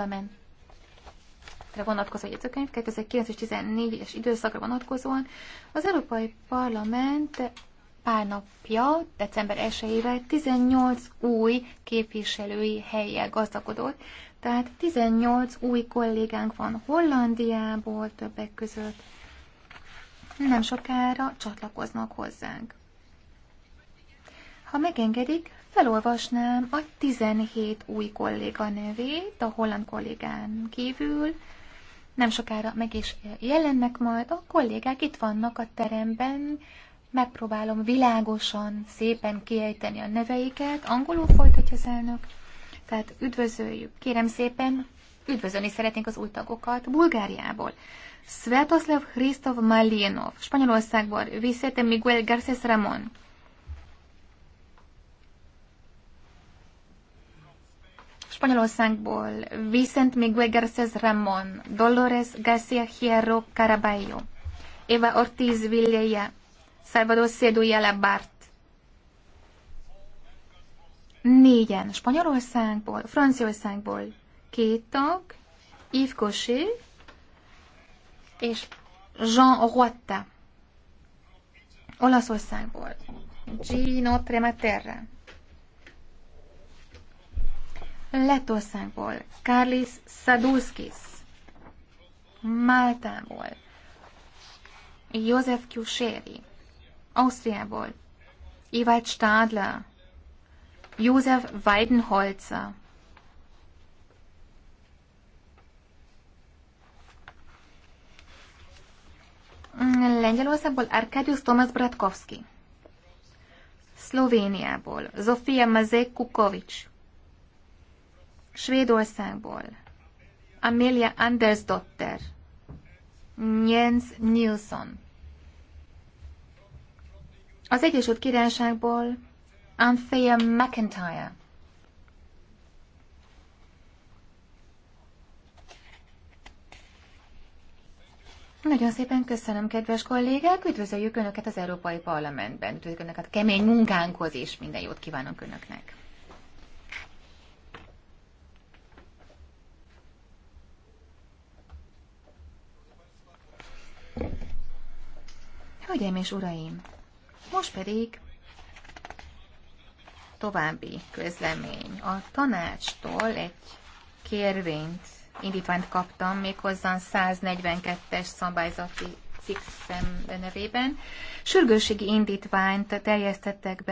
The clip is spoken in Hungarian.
Parlamentre vonatkozó jegyzőkönyv 2009 14 es időszakra vonatkozóan az Európai Parlament pár napja, december 1-ével 18 új képviselői helyjel gazdagodott, tehát 18 új kollégánk van Hollandiából többek között. Nem sokára csatlakoznak hozzánk. Ha megengedik, felolvasnám a 17 új kolléga nevét, a holland kollégán kívül. Nem sokára meg is jelennek majd. A kollégák itt vannak a teremben, megpróbálom világosan, szépen kiejteni a neveiket. Angolul folytatja az elnök. Tehát üdvözöljük, kérem szépen, üdvözölni szeretnénk az új tagokat Bulgáriából. Svetoslav Hristov Malinov, Spanyolországból Vicente Miguel Garces Ramon, Spanyolországból Vicent Miguel Garces Ramón, Dolores García Hierro Caraballo, Eva Ortiz Villeja, Salvador Ceduyala Bart. Négyen Spanyolországból, Franciaországból két tag, Yves Cochet és Jean Roatta. Olaszországból Gino Trematerra. Letországból Kárlis Szadulszkis, Máltából, József Kjuséri, Ausztriából, Ewald Stadler, József Weidenholzer, Lengyelországból Arkadiusz Tomasz Bratkowski, Szlovéniából Zofia Mazej Kukovics, Svédországból Amelia Andersdotter, Jens Nilsson. Az Egyesült Királyságból Anthea McIntyre. Nagyon szépen köszönöm, kedves kollégák! Üdvözöljük Önöket az Európai Parlamentben, Üdvözöljük Önöket a kemény munkánkhoz, és minden jót kívánok Önöknek! Hölgyeim és uraim, most pedig további közlemény. A tanácstól egy kérvényt, indítványt kaptam méghozzá 142-es szabályzati cikk nevében. Sürgősségi indítványt terjesztettek be